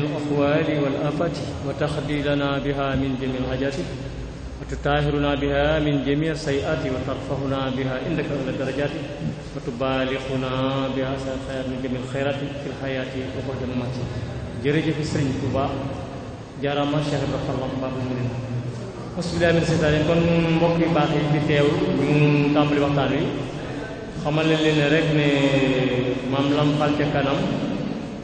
الأقوال والآفات وتخلي لنا بها من جميع الحاجات وتطهرنا بها من جميع السيئات وترفعنا بها عندك أعلى الدرجات وتبالغنا بها خير من جميع الخيرات في الحياة وبعد الممات jërëjëf Sëriñ Tuubaa jaaraama Cheikh Ibrahima Fall Mbacke mu ne bismillah min seytaane kon mbokk yu baax yi di teew ñu tàmbali waxtaan wi xamal leen ne rek ne maam Lam Fall ca kanam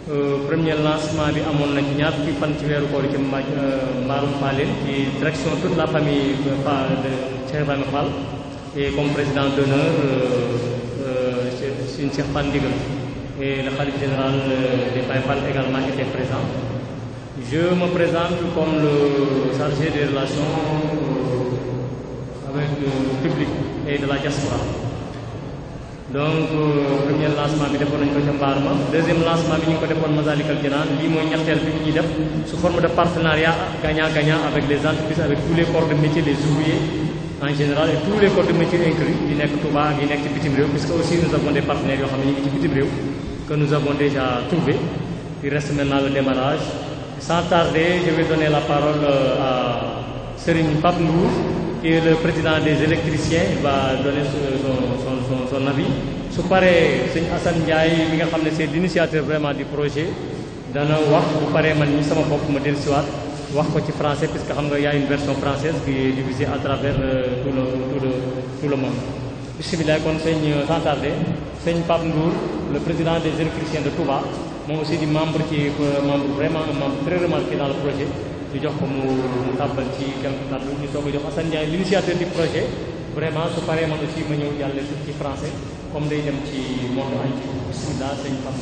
Euh, premier lancement bi amoon na ci ñaar fukki fan ci weeru koor ci euh, mbaarum Fallène ci direction toute la famille euh, de Cheikh Ibrahima Fall et comme président d'honneur Serigne Cheikh Fall Ndigal et le général des Baye également était présent. Je me présente comme le chargé des relations avec public et de la diaspora. donc euh, premier lancement bi defoon nañu ko ca mbaar ma deuxième lancement bi ñu ngi ko defoon Masalikal Jinaan lii mooy ñetteel bi ñuy def sous forme de partenariat gagnant-gagnant avec les entreprises avec tous les corps de métier les ouvriers en général et tous les corps de métier nekk Touba ak nekk ci bitim réew puisque aussi nous avons partenaires yoo xam ne ñu ngi ci bitim réew que nous avons déjà trouvé il reste maintenant le la parole euh, à Serigne qui est le président des électriciens va donner son son son son avis su paree sëñ Assane Ndiaye mi nga xam ne se l'initiateur vraiment du projet dana wax bu paree man ñi sama bopp ma dellusiwaat wax ko ci français puisque xam nga y a une version française qui est à travers euh, tout le tout le tout le monde. bisimilah kon sëñ euh, sans tarder sëñ Pape Ndour le président des électriciens de Touba moom aussi di membre ci euh, membre vraiment membre très remarqué dans projet. ñu jox ko mu mu tàbbal ci quelque kàddu ñu soog a jox Assane Ndiaye l'initiateur di projet vraiment su paree man aussi ma ñëw jàlle ci français comme day dem ci monde entier bismillah sëñ Fam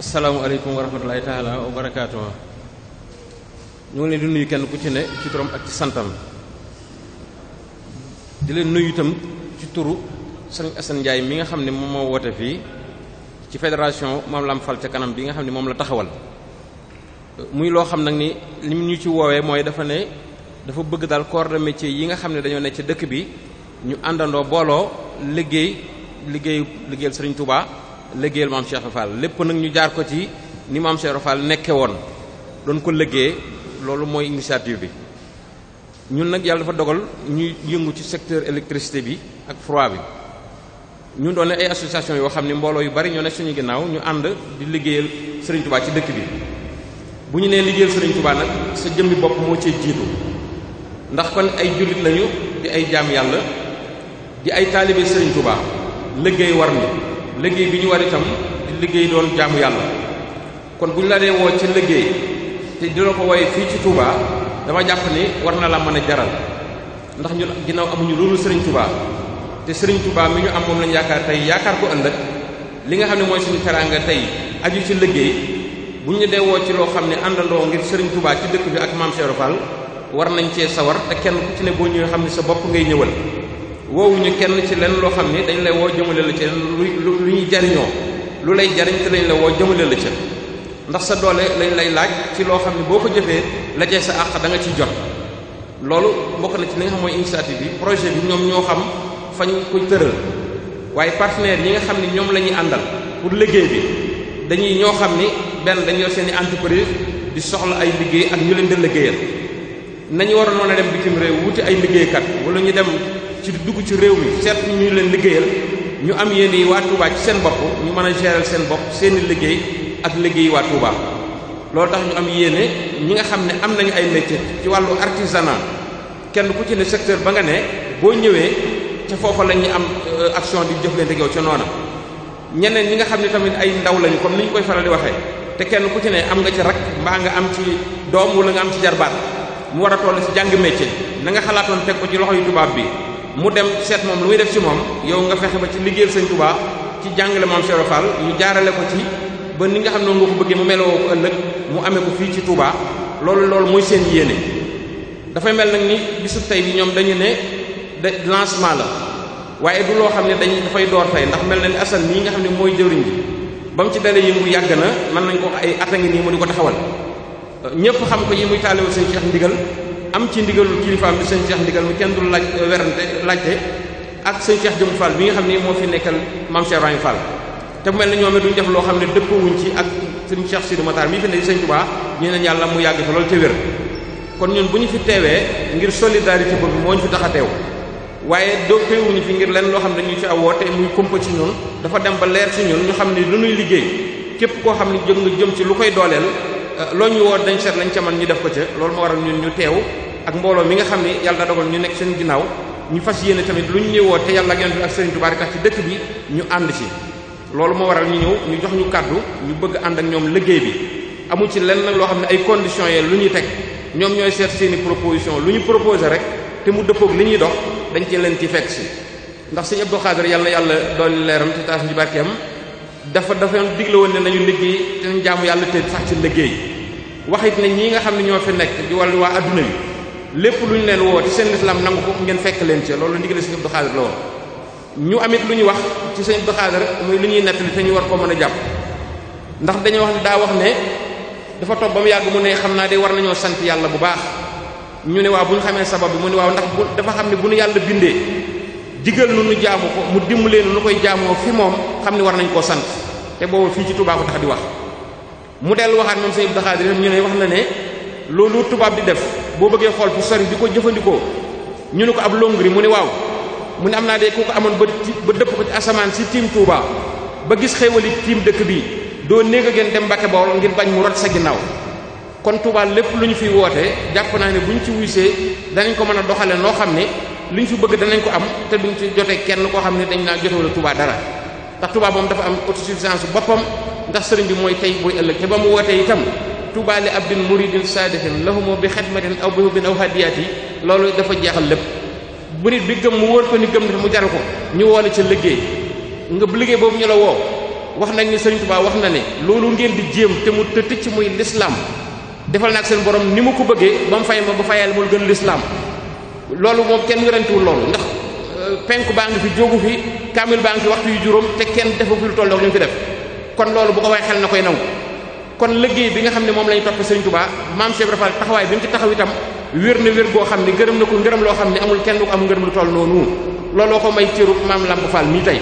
asalaamaaleykum ngi leen di nuyu kenn ku ci ne ci turam ak santam di leen nuyu itam ci turu sëñ Assane Ndiaye mi nga xam ne moom moo woote fii ci fédération Maam Lam Fall ca kanam bi nga xam ne moom la taxawal muy loo xam nag ni li mu ñu ci woowee mooy dafa ne dafa bëgg daal corps de métier yi nga xam ne dañoo ne ci dëkk bi ñu àndandoo booloo liggéey liggéey liggéeyal Serigne Touba liggéeyal maam Cheikh Fall lépp nag ñu jaar ko ci ni maam Cheikh Fall nekke woon doon ko liggéey loolu mooy initiative bi ñun nag yàlla dafa dogal ñuy yëngu ci secteur électricité bi ak froid bi ñu doon ay association yoo xam ne mbooloo yu bari ñoo ne suñu ginnaaw ñu ànd di liggéeyal Serigne Touba ci dëkk bi bu ñu nee liggéeyal sëriñ Tuubaa nag sa jëmmi bopp moo cee jiitu ndax kon ay jullit lañu di ay jaam yàlla di ay taalibe sëriñ Tuubaa liggéey war ni liggéey bi ñu war itam di liggéey doon jaamu yàlla kon bu ñu la dee woo ci liggéey te dina ko woye fii ci Tuubaa dama jàpp ni war na la mën a jaral ndax ñun ginnaaw amuñu loolu sëriñ Tuubaa te sëriñ Tuubaa mi ñu am moom lañu yaakaar tey yaakaar ko ëllëg li nga xam ne mooy suñu teraanga tey aju ci liggéey bu de woo ci loo xam ne àndandoo ngir Serigne Touba ci dëkk bi ak maam Cheikh Fall war nañ cee sawar te kenn ku ci ne boo ñëwee xam ne sa bopp ngay ñëwal woowuñu kenn ci lenn loo xam ne dañu lay woo jëmale la ca lu lu ñuy jariñoo lu lay jariñ te dañ la woo jëmale la ca ndax sa doole lañ lay laaj ci loo xam ne boo ko jëfee la cee sa àq da nga ciy jot loolu bokk na ci li xamooy xam bi projet bi ñoom ñoo xam fañ ko tëral waaye partenaires yi nga xam ne ñoom la ñuy àndal pour liggéey bi dañuy ñoo xam ni benn dañu yor seen i entreprise di soxla ay liggéey ak ñu leen di liggéeyal nañu war a a dem bitim réew wuti ay liggéeykat wala ñu dem ci dugg ci réew mi seet ñu leen liggéeyal ñu am yéen i waa Touba ci seen bopp ñu mën a gérer seen bopp seeni liggéey ak liggéey waa Touba loolu tax ñu am yéene ñi nga xam ne am nañu ay métier ci wàllu artisanat kenn ku ci ne secteur ba nga ne boo ñëwee ca foofa la ñuy am euh, action di jëflante ak yow ca noona ñeneen ñi nga xam ne tamit ay ndaw lañu comme ni ñu koy faral di waxee te kenn ku ci ne am nga ci rak mbaa nga am ci doom wala nga am ci jarbaat mu war a toll ci jàng métier na nga xalaatoon teg ko ci loxo yu tubaab bi mu dem seet moom lu muy def ci moom yow nga fexe ba ci liggéeyal sëñ Tuubaa ci jàngale moom Cheikh ñu jaarale ko ci ba ni nga xam ne nga ko bëggee mu meloo ko ëllëg mu amee ko fii ci Touba loolu loolu mooy seen yéene dafay mel nag ni bisu tey bi ñoom dañu ne de lancement la waaye du loo xam ne dañ koy door tey ndax mel na ni asan mii nga xam ne mooy jëwriñ bi ba mu ci dalee yëngu yàgg na mën nañ ko wax ay at a ngi nii mu di ko taxawal ñëpp xam ko yi muy taaliwal sëñ Cheikh ndigal am ci ndigalul kilifaam bi sëñ Cheikh ndigal mu kenn dul laaj euh, werante laajte ak sëñ Cheikh Jëmu Fall bi nga xam ne moo fi nekkal maam Cheikh Ibrahima Fall te mel na ñoom duñ def loo xam ne dëppawuñ ci ak sëñ Cheikh Sidou Matar mii fi nekk sëñ Touba ne yàlla mu yàgg fa loolu te wér kon ñun bu ñu fi teewee ngir solidarité boobu moo ñu fi tax teew waaye doppeewuñu fi ngir leen loo xam ne dañu ci aw woote muy kumpa ci ñun dafa dem ba leer ci ñun ñu xam ne lu nuy liggéey képp koo xam ne jëm nga jëm ci lu koy dooleel euh, loo ñuy woo dañ seet lañ ca man def ko ca loolu moo waral ñun ñu teew ak mbooloo mi nga xam ne yàlla dogal ñu nekk seen ginnaaw ñu fas yéene tamit lu ñu ñëwoo te yàlla ak yonent bi ak Sëriñ Tuubaa tax ci dëkk bi ñu ànd ci loolu moo waral ñu ñëw ñu jox ñu kàddu ñu bëgg ànd ak ñoom liggéey bi amul ci lenn loo xam ne ay conditions yee lu ñuy teg ñoom ñooy seet seeni proposition lu ñu proposé rek te mu dëppoog li ñuy dox dañ ci leen ci fekk si ndax sëñ Abdou Xaadir yàlla yàlla doon leeram te taas ñu barkeem dafa dafa digle woon ne nañu liggéey te nañ jaamu yàlla te sax ci liggéey waxit ne ñi nga xam ne ñoo fi nekk di wàllu waa adduna bi lépp lu ñu leen woo ci seen lislaam nangu ko ngeen fekk leen ci loolu ndigal sëñ Abdou Xaadir la woon ñu amit lu ñu wax ci sëñ Abdou Xaadir muy lu ñuy nettali te ñu war koo mën a jàpp ndax dañoo wax ne daa wax ne dafa toog ba mu mu ne xam naa de war nañoo sant yàlla bu baax ñu ne waaw bu ñu xamee sabab bi mu ne waaw ndax bu dafa xam ne bu nu yàlla bindee jigal nu nu jaamu ko mu dimbalee nu lu koy jaamoo fi moom xam ne war nañ koo sant te boobu fii ci Tuubaa ko tax di wax mu dellu waxaat moom Sëriñ Abdou Khadre ñu ne wax na ne loolu tubaab di def boo bëggee xool fu sori di ko jëfandikoo ñu ne ko ab longri mu ne waaw mu ne am naa de ku ko amoon ba ba dëpp ko ci asamaan si tiim Touba ba gis xéewali tiim dëkk bi doo néeg a gën dem Mbàkke Bawol ngir bañ mu rot sa ginnaaw kon Touba lépp lu ñu fiy woote jàpp naa ne bu ñu ci wuysee danañ ko mën a doxale noo xam ne lu ñu fi bëgg danañ ko am te duñ ci jotee kenn koo xam ne dañ naa jotewul Touba dara ndax Touba moom dafa am autosuffisance boppam ndax sëriñ bi mooy tey booy ëllëg te ba mu wootee itam Touba li abdin muridin saadihin lahumo bi xidmatin aw bi hubbin aw hadiyaati loolu dafa jeexal lépp murid bi gëm mu wóor ko ni gëm na mu jaral ko ñu woole ca liggéey nga liggéey boobu ñu la woo wax nañ ni sëriñ Touba wax na ne loolu ngeen di jéem te mu tëtt ci muy l'islam defal nag seen borom ni mu ko bëggee ba fay ma ba fayal mu gën lislaam loolu moom kenn wérantuwul loolu ndax euh, penku baa ngi fi jógu fi kaamil baa ngi fi waxtu yu juróom te kenn defu fi lu toll ak fi def kon loolu bu ko way xel na koy nangu kon liggéey bi nga xam ne moom lañu topp Sëriñ Tuubaa maam Cheikh Rafal taxawaay bi mu ci taxaw itam wér na wér goo xam ne gërëm na ko ngërëm loo xam ne amul kenn du ko am ngërëm lu toll noonu looloo ko may cëru maam Lamp Fall mii tey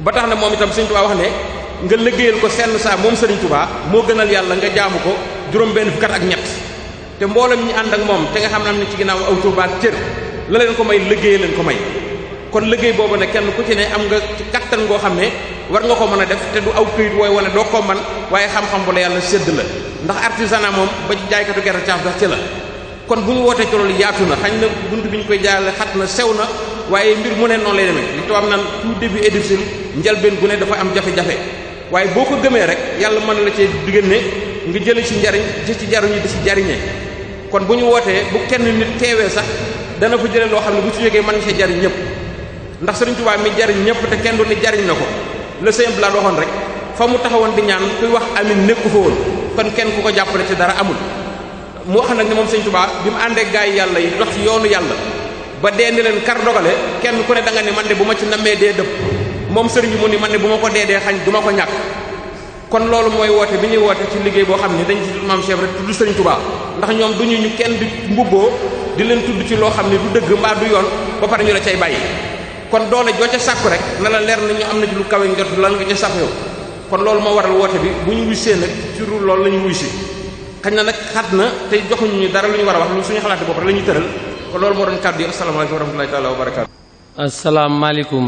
ba tax na moom itam Sëriñ Tuubaa wax ne nga liggéeyal ko senn saa moom Sëriñ Tuubaa moo gënal yàlla nga jaamu ko juróom-benn fukkat ak ñett te mboolem ñi ànd ak moom te nga xam ne am na ci ginnaaw aw turbaat cër la leen ko may liggéey leen ko may kon liggéey boobu ne kenn ku ci ne am nga ci kattan ngoo xam ne war nga ko mën a def te du aw këyit wooy wane doo ko man waaye xam-xam bu la yàlla sedd la ndax artisanat moom ba ci jaaykatu gerte caaf sax ci la kon bu ñu wootee ci loolu yaatu na xañ na bunt bi ñu koy jaarale xat na sew na waaye mbir mu ne noonu lay demee li tubaab naan tout début est difficile bu ne dafa am jafe waaye boo ko gëmee rek yàlla mën la cee diggante nga jële ci njariñ di ci jaruñu di jariñe kon bu ñu wootee bu kenn nit teewee sax dana fa jële loo xam ne bu ci jógee man na see jariñ ñëpp ndax Sëriñ mi jariñ ñëpp te kenn du ne jariñ na ko le Sëriñ Blaad waxoon rek fa mu taxawoon di ñaan kuy wax amin nekku fa woon kon kenn ku ko jàppale ci dara amul mu wax nag ne moom Sëriñ Tuubaa bi mu àndee gaay yi yàlla yi dox ci yoonu yàlla ba dee ni leen kar dogale kenn ku ne danga nga ne man de bu ma ci nammee dee dëpp moom sëriñ bi mu man ne bu ma ko dee dee xañ du ma ko ñàkk kon loolu mooy woote bi ñuy woote ci liggéey boo xam ne dañ ci maam Cheikh rek tudd Sëriñ Tuubaa ndax ñoom duñu ñu kenn di mbubboo di leen tudd ci loo xam ne du dëgg mbaa du yoon ba pare ñu la cay bàyyi kon doole joo ca sàkku rek na la leer na ñu am na ci lu kawe njot lan nga ca sàkku yow kon loolu moo waral woote bi bu ñu wuysee nag ci ru loolu la ñu wuy si xañ na nag xat na te joxuñu ñu dara lu ñu war a wax lu suñu xalaati bopp rek la ñuy tëral kon loolu moo doon kàddu yi asalaamaaleykum wa rahmatullahi taala wa barakaatu asalaamaaleykum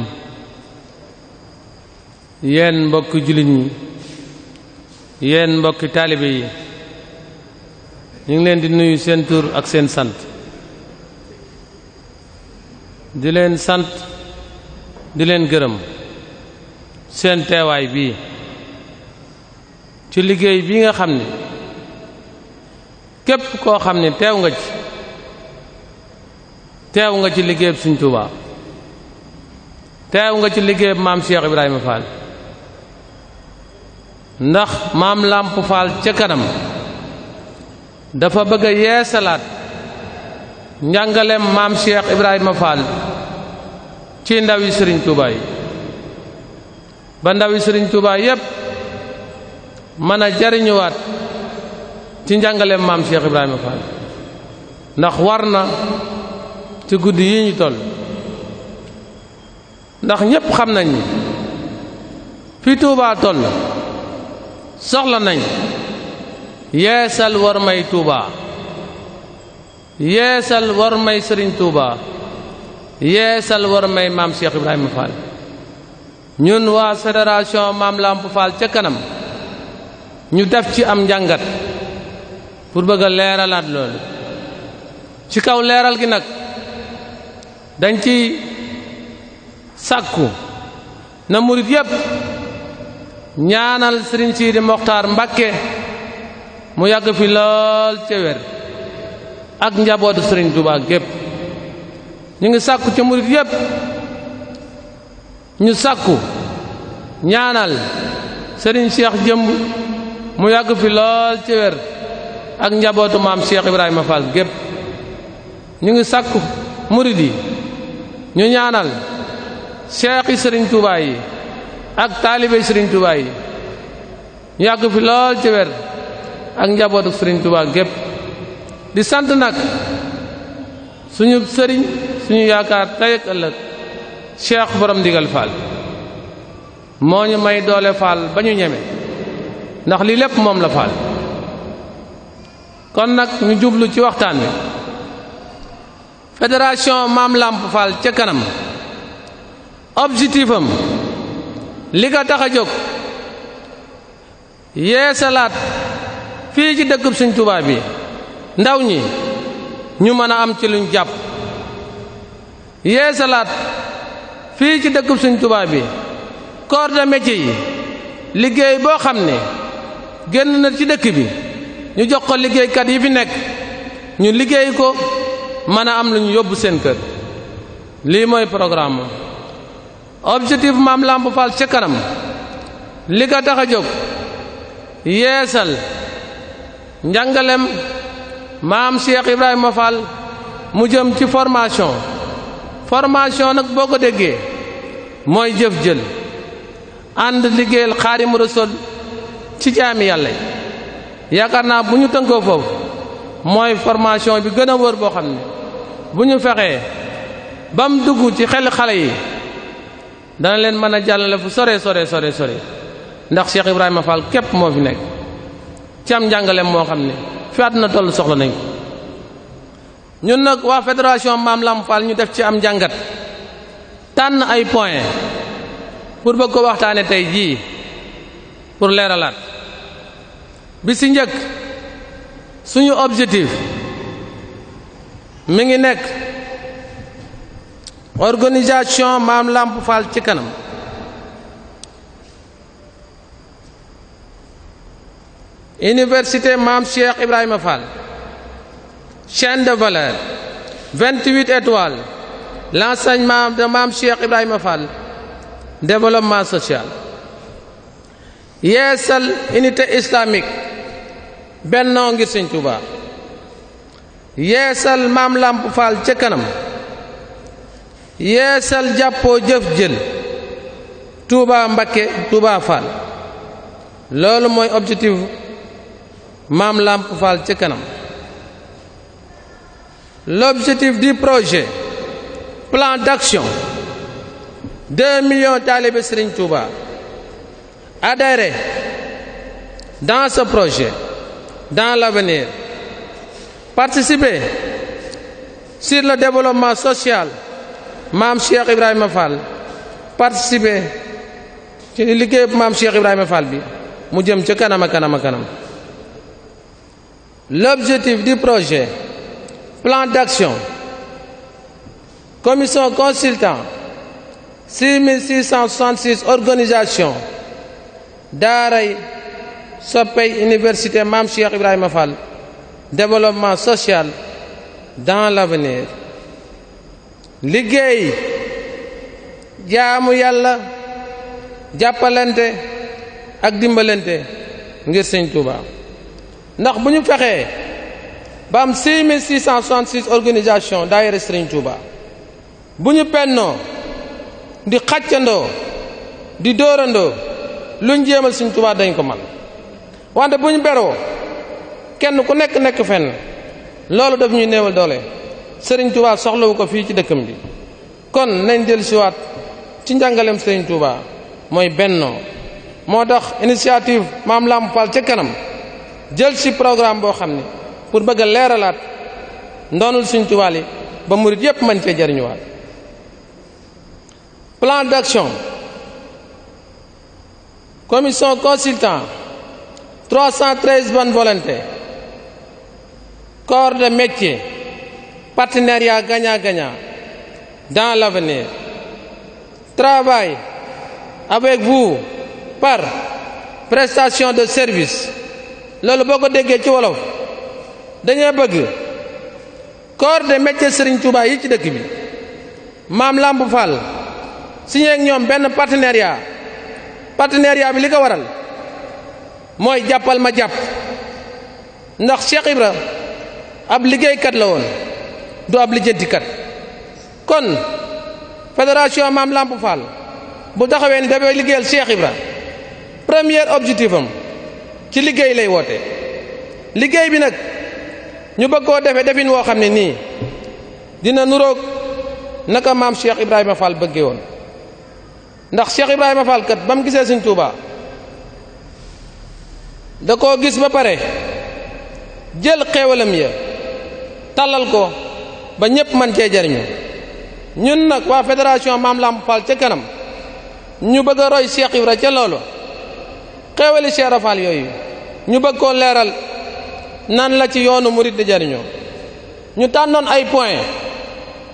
yéen mbokk jullit ñi yéen mbokki taalibe yi ñu ngi leen di nuyu seen tur ak seen sant di leen sant di leen gërëm seen teewaay bii ci liggéey bii nga xam ne képp koo xam ni teew nga ci teew nga ci liggéeyab Sëñ Tuubaa teew nga ci liggéeyab maam Cheikh Ibrahima Fall ndax maam làmp faal ca kanam dafa bëgg a yeesalaat njàngaleem maam Cheikh Ibrahima Fall ci ndawi Serigne Touba ba ndawi Serigne Touba yépp mën a jariñuwaat ci njàngaleem maam Cheikh Ibrahima Fall ndax war na ci guddi yi ñu toll ndax ñépp xam nañ ni fi Touba toll soxla nañ yeesal war may Tuuba yeesal war may Sëriñ Tuuba yeesal war may maam Cheikh Ibrahima Fall ñun waa fédération maam Lamp ca kanam ñu def ci am njàngat pour bëgg a leeralaat loolu ci kaw leeral gi nag dañ ci sakku na murit yépp ñaanal sëriñ Siidi Moxtaar Mbakke mu yàgg fi lool ca ak njabootu sëriñ Tuubaa gépp ñu ngi sàkku ci murit yépp ñu sàkku ñaanal sëriñ Cheikh Jëmb mu yàgg fi lool ca ak njabootu maam Cheikh Ibrahima Fall gépp ñu ngi sakku murit yi ñu ñaanal Cheikh yi sëriñ Tuubaa yi ak taalibe Serigne Touba yi ñu yàgg fi lool ci wer ak njabootu Serigne Touba gépp di sant nag suñu sëriñ suñu yaakaar tey ak ëllëg borom ndigal Fall moo ñu may doole Fall ba ñu ñeme ndax lii lépp moom la Fall kon nag ñu jublu ci waxtaan wi fédération Maam Lamp Fall ca kanam objectif li ko tax a jóg yee salaat fii ci dëkkub Sëñ Tuubaa bi ndaw ñi ñu mën a am ci luñ jàpp yee salaat fii ci dëkkub Sëñ Tuubaa bi corps de métier yi liggéey boo xam ne génn na ci dëkk bi ñu jox ko liggéeykat yi fi nekk ñu liggéey ko mën a am lu yóbbu seen kër lii mooy programme objectif maam Lamp Fall ca kanam li ko tax a jóg yeesal njàngalem maam Cheikh Ibrahima Fall mu jëm ci formation formation nag boo ko déggee mooy jëf jël ànd liggéeyal Xaadimu Rasuul ci jaami yàlla yi yaakaar naa bu ñu tënkoo foofu mooy formation bi gën a wër boo xam ne bu ñu fexee bam dugg ci xel xale yi dana leen mën a jàllale fu sore sore sore sore ndax Cheikh Ibrahima Fall képp moo fi nekk ci am moo xam ne faat na toll soxla nañ ñun nag waa fédération Maam Lam Fall ñu def ci am njàngat tànn ay point pour bëgg ko waxtaane tey jii pour leeralaat bi si njëkk suñu objectif mi ngi nekk organisation maam làmp faal ci kanam université maam Cheikh Ibrahima fal chaîne de valeur 28 étoiles l'enseignement de maam Cheikh Ibrahima fal développement social yeesal unité islamique bennoo ngir Sëñ Tuubaa yeesal maam làmp faal ca kanam yeesal jàppoo jëf jël Touba Mbakke Touba Fall loolu mooy objectif Maam Lamp Fall ci kanam l'objectif du projet plan d'action deux millions talibés Serigne Touba adhérés dans projet dans l'avenir participer sur le développement social maam Cheikh Ibrahima Fall participer ci liggéey maam Cheikh Ibrahima Fall bi mu jëm ca kanam a kanam a kanam l'objectif du projet plan d'action commission consultant 6666 organisation daaray soppey université maam Cheikh Ibrahima Fall développement social dans la l'avenir liggéey jaamu yàlla jàppalante ak dimbalante ngir sëñ Touba ndax bu ñu fexee ba am 6666 organisation daayira sëriñ Touba bu ñu bennoo di xàccandoo di dóorandoo luñ jéemal sëñ Touba dañ ko man wante bu ñu beroo kenn ku nekk nekk fenn loolu daf ñuy néewal doole sëriñ Touba soxlawu ko fii ci dëkkam bi kon nañ del siwaat ci njàngaleem sëriñ Touba mooy bennoo moo dox initiative maam Lamp Fall ca kanam jël si programme boo xam ne pour bëgg a leeralaat ndoonul suñ Touba li ba murit yépp mën cee jariñuwaat plan d'action commission consultant 313 bonne volonté corps de métier partenariat gagnant-gagnant dans l'avenir. Travaille avec vous par prestation de service loolu boo ko déggee ci wolof dañoo bëgg corps de métier Serigne Touba yi ci dëkk bi maam Lamp Fall signé ak ñoom benn partenariat yaa bi li ko waral mooy jàppal ma jàpp ndax Cheikh Ibra ab liggéeykat la woon. du ab lijjantikat kon fédération Maam Lamp Fall bu taxawee ni dafay liggéeyal Cheikh Ibra premier objectif am ci liggéey lay woote liggéey bi nag ñu bëgg koo defee defin woo xam ne nii dina nuroog naka maam Cheikh Ibrahima Fall bëggee woon ndax Cheikh Ibrahima Fall kat ba gisee Sëñ Tuubaa da koo gis ba pare jël xeewalam ya tàllal ko ba ñépp man cee jariñu ñun nag waa fédération Maam Lamp Fall ca kanam ñu bëgg a roy Cheikh Ibra ca loolu xeewali yooyu ñu bëgg koo leeral nan la ci yoonu murit di jariñoo ñu tànnoon ay point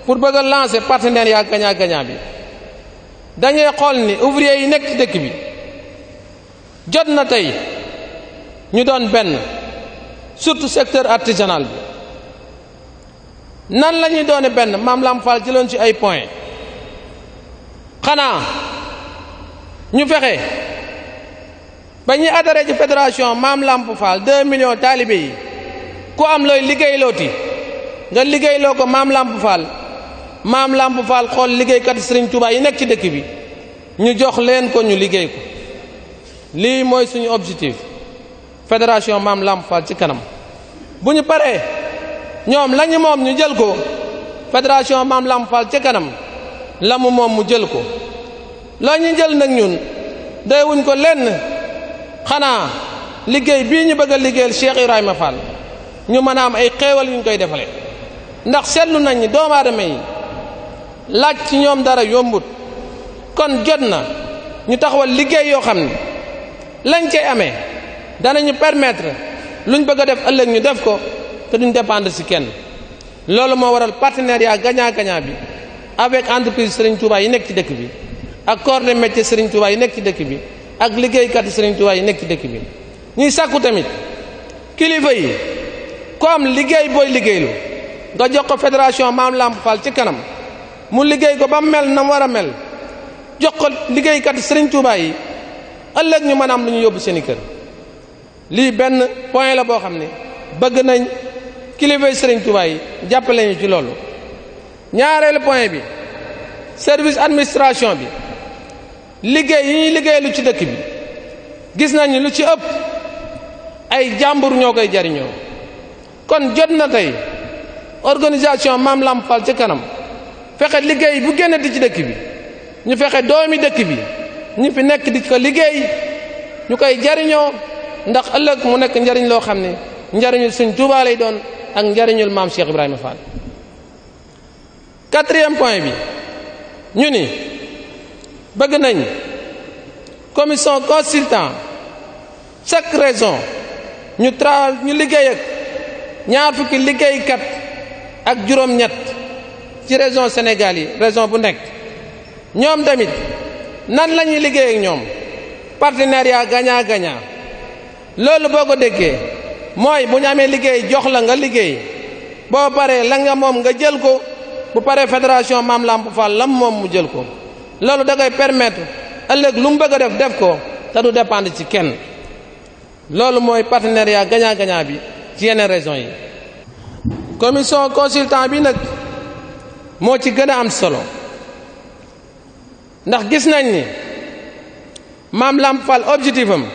pour bëgg a lancer partenaire yaa gagnant gagnant bi dañuy xool ni ouvrier yi nekk ci dëkk bi jot na tey ñu doon benn surtout secteur artisanal bi nan la ñuy doone benn maam Lam Fall jëloon ci ay point xanaa ñu fexe ba ñuy adhéré ci fédération maam Lamp Fall 2 millions taalibe yi ku am looy liggéeylooti nga liggéeyloo ko maam Lamp Fall maam Lamp Fall xool liggéeykat Serigne Touba yi nekk ci dëkk bi ñu jox leen ko ñu liggéey ko lii mooy suñu objectif fédération maam Lamp ci kanam bu ñu paree. ñoom lañu moom ñu jël ko fédération Maam Lamp Fall ca kanam la moom mu jël ko loo ñu jël nag ñun doywuñ ko lenn xanaa liggéey bii ñu bëgg a liggéeyal Cheikh Ibrahima ñu mën a am ay xéewal yu koy defale ndax seetlu nañ ni doomu aadama laaj ci ñoom dara yombut kon jot na ñu taxawal liggéey yoo xam ne lañ cay amee danañu permettre luñ bëgg def ëllëg ñu def ko te duñ dépendre si kenn loolu moo waral partenariat gagnant gañaa bi avec entreprise sëriñ Touba yi nekk ci dëkk bi ak corps de métier Serigne Touba yi nekk ci dëkk bi ak liggéeykat yi yi nekk ci dëkk bi ñuy sàkku tamit kilifa yi ku am liggéey booy liggéeylu nga jox ko fédération Maam Lamp Fall ci kanam mu liggéey ko ba mel na war a mel jox ko liggéeykat yi Serigne yi ëllëg ñu mën a am lu ñu yóbbu seen i kër lii benn point la boo xam ne bëgg nañ. kilifay sëriñ Tuubaa yi ci loolu ñaareelu point bi service administration bi liggéey yi liggéey lu ci dëkk bi gis nañu lu ci ëpp ay jàmbur ñoo koy jariñoo kon jot na tey organisation Maam Lamp Fall ci kanam fexe liggéey bu génnati ci dëkk bi ñu fexe doomi dëkk bi ñu fi nekk di ko liggéey ñu koy jariñoo ndax ëllëg mu nekk njariñ loo xam ne njariñu Sëñ Tuubaa lay doon ak njariñul maam Cheikh Ibrahima Fall quatrième poin bi ñu ni bëgg nañ commission consultant chaque région ñu tra ñu liggéey ak ñaar fukki liggéeykat ak juróom-ñett ci région Sénégal yi bu nekk ñoom tamit nan la liggéeyeek liggéey ak ñoom partenariat gagnant-gagnant loolu boo ko déggee mooy bu ñu amee liggéey jox la nga liggéey boo paree la nga moom nga jël ko bu paree fédération Maam Lamp Fall lam moom mu jël ko loolu da koy permettre ëllëg lu mu bëgg a def def ko te du dépendre ci kenn loolu mooy partenariat gagnant-gagnant bi ci yeneen régions yi. commission consultant bi nag moo ci gën a am solo ndax gis nañ ni Maam Lamp Fall objectif am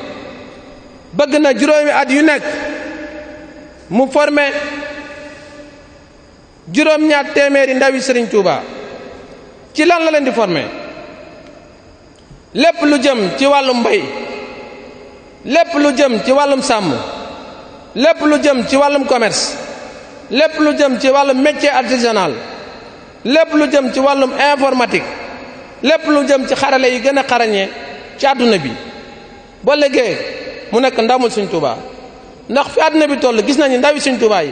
bëgg na juróomi at yu nekk. mu forme juróom-ñaar téeméeri ndawi Serigne Touba ci lan la leen di formé lépp lu jëm ci wàllum mbay lépp lu jëm ci wàllum sàmm lépp lu jëm ci wàllum commerce lépp lu jëm ci wàllum métier artisanal lépp lu jëm ci wàllum informatique lépp lu jëm ci xarale yi gën a xarañee ci àdduna bi ba léegi mu nekk ndamul Serigne Touba. ndax fi àdduna bi toll gis nañu ndawi Sëñ Tuubaa yi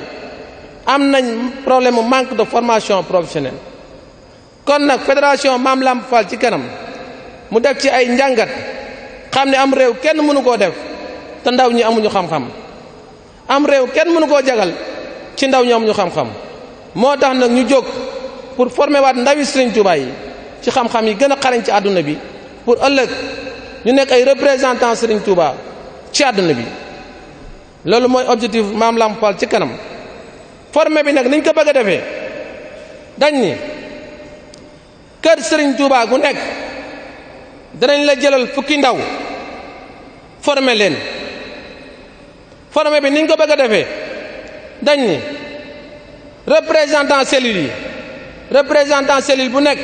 am nañ problème mu manque de formation professionnelle kon nag fédération Maam Lamp Fall ci kanam mu def ci ay njàngat xam ne am réew kenn mënu koo def te ndaw ñi amuñu xam-xam am réew kenn mënu koo jagal ci ndaw ñi amuñu xam-xam moo tax nag ñu jóg pour former waat ndawi Sëñ Tuubaa yi ci xam-xam yi gën a xarañ ci àdduna bi pour ëllëg ñu nekk ay représentant Sëriñ Tuubaa ci àdduna bi loolu mooy objectif maam Lamp Fall ci kanam formé bi nag niñ ko bëgg a defee dañ ni kër Serigne Touba gu nekk danañ la jëlal fukki ndaw formé leen formé bi niñ ko bëgg a defee dañ ni représentant cellule yi représentant cellule bu nekk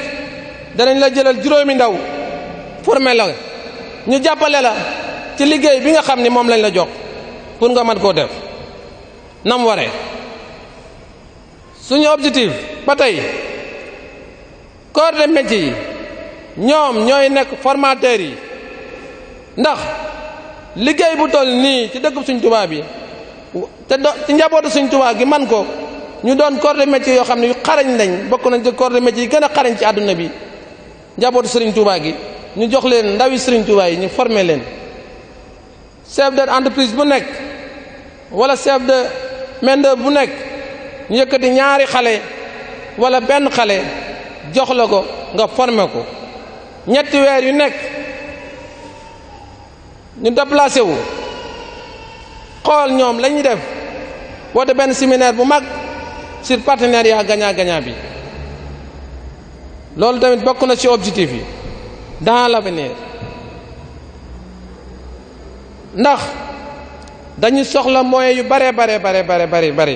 danañ la jëlal juróomi ndaw formé la ñu jàppale la ci liggéey bi nga xam ni moom lañ la jox pour nga mën koo def nam waree suñu objectif ba tey corps de métier yi ñoom ñooy nekk formateurs yi ndax liggéey bu toll nii ci dëkk suñ Tuubaa yi te do ci njabootu suñ Tuubaa gi man ko ñu doon corps de métier yoo xam ne xareñ xarañ bokk nañ ci corps de métier yi gën a xareñ ci àdduna bi njabootu Serigne Touba gi ñu jox leen ndawi Serigne Touba yi ñu formé leen chef d'entreprise bu nekk. wala chef de main bu nekk ñu yëkkati ñaari xale wala benn xale jox la ko nga formé ko ñetti weer yu nekk ñu déplacé wu xool ñoom la ñuy def woote benn séminaire bu mag sur partenariat gañaa gañaa bi loolu tamit bokk na ci objectif yi dans l'avenir ndax dañu soxla moyens yu bare bare bare bare bare bare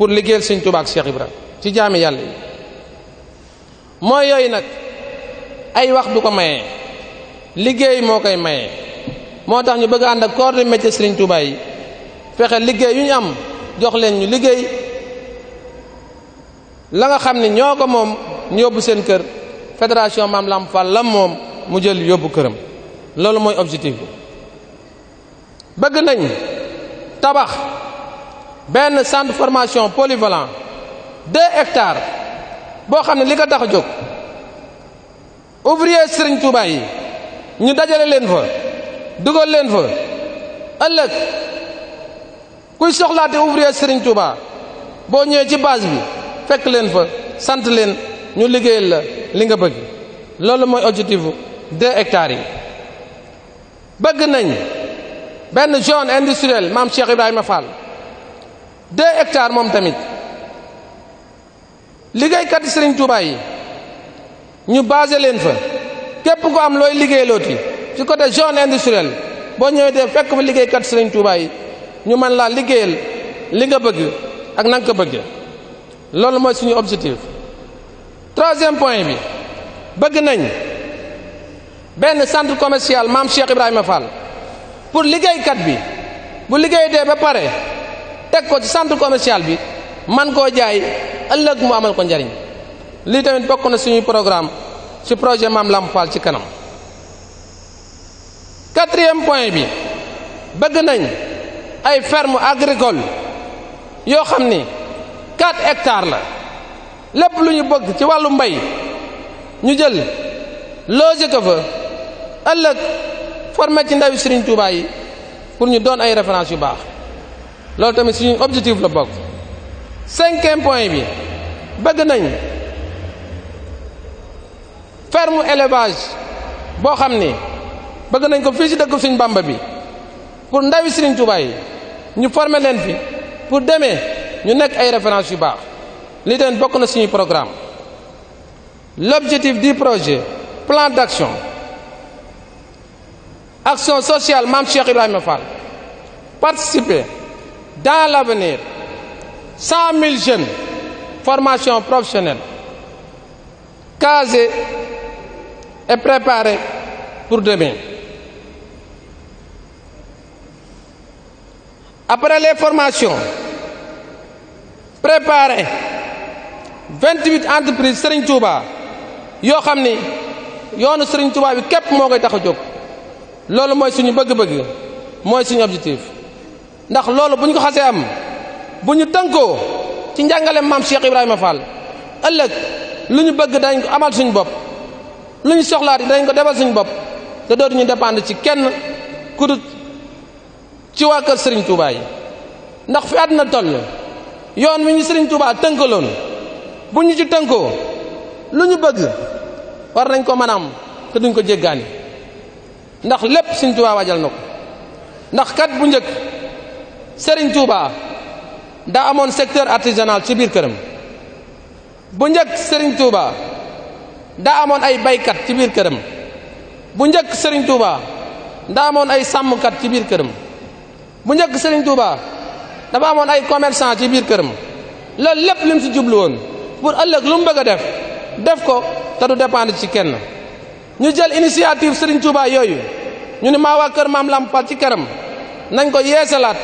pour liggéeyal sëñ Tuubaa ak Cheikh ci jaami yàlla yi mooy yooyu nag ay wax du ko mayee liggéey moo koy mayee moo tax ñu bëgg ànd ak corps de métier sëriñ Tuubaa yi fexe liggéey yu ñu am jox leen ñu liggéey la nga xam ne ñoo ko moom ñu yóbbu seen kër fédération Maam Lam Fall la moom mu jël yóbbu këram loolu mooy objectif bi bëgg nañ tabax benn centre formation polyvalent deux hectares boo xam ne li ko tax a jóg ouvrier Serigne Touba yi ñu dajale leen fa dugal leen fa ëllëg kuy soxlaate ouvrier Serigne Touba boo ñëwee ci base bi fekk leen fa sant leen ñu liggéeyal la li nga bëgg loolu mooy objectif bu deux hectares yi bëgg nañ. benn zone industrielle maam Cheikh Ibrahima Fall deux hectares moom tamit liggéeykat yi Serigne Touba yi ñu basé leen fa képp ko am looy liggéey looti ci côté zone industrielle boo ñëwee dee fekk fa liggéeykat Serigne Touba yi ñu mën laa liggéeyal li nga bëgg ak na nga ko bëgg loolu mooy suñu objectif troisième point bi bëgg nañ benn centre commercial maam Cheikh Ibrahima Fall pour liggéeykat bi bu liggéey de ba pare teg ko ci sant commercial bi man koo jaay ëllëg mu amal ko njariñ lii tamit bokk na suñuy programme ci projet Maam Lamp Fall ci kanam quatrième point bi bëgg nañ ay ferme agricole yoo xam ni 4 hectares la lépp lu ñu bëgg ci wàllu mbay ñu jël looje ko fa ëllëg former ci ndawi Serigne Touba yi pour ñu doon ay référence yu baax loolu tamit suñu objectif la bokk cinquième point bi bëgg nañ ferme élevage boo xam ni bëgg nañ ko fii ci dëkk suñ Bamba bi pour ndawi Serigne Touba yi ñu former leen fi pour demee ñu nekk ay référence yu baax li leen bokk na suñuy programme l'objectif du projet plan d'action action sociale maam Cheikh Ibrahima Fall participer dans la l'avenir cent mille jeunes formation professionnelle casés et préparés pour demain après les formations préparer vingt-huit entreprise Serigne Touba yoo xam ni yoonu Serigne Touba bi képp moo koy tax a jóg loolu mooy suñu bëgg-bëgg mooy suñu objectif ndax loolu bu ñu ko xasee am bu ñu tënkoo ci njàngale mam maam Cheikh Ibrahima Fall ëllëg lu ñu bëgg dañ ko amal suñu bopp lu ñu soxlaat dañ ko defal suñu bopp te dootuñu dépendre ci kenn ku dul ci waa kër Serigne yi ndax fi àdduna toll yoon wi ñu Serigne Touba tënkaloon bu ñu ci tënkoo lu ñu bëgg war nañ ko mën a am te duñ ko jéggaani ndax lépp Sëriñ Tuubaa waajal na ko ndax kat bu njëkk Sëriñ Tuubaa daa amoon secteur artisanal ci biir këram bu njëkk Sëriñ Tuubaa daa amoon ay baykat ci biir këram bu njëkk Sëriñ Tuubaa daa amoon ay sàmmkat ci biir këram bu njëkk Sëriñ Tuubaa dafa amoon ay commerçant ci biir këram loolu lépp lim si jublu woon pour ëllëg lu a def def ko te du dépendre ci kenn ñu jël initiative Serigne Touba yooyu ñu ne maa kër maam Lampal ci kanam nañ ko yeesalaat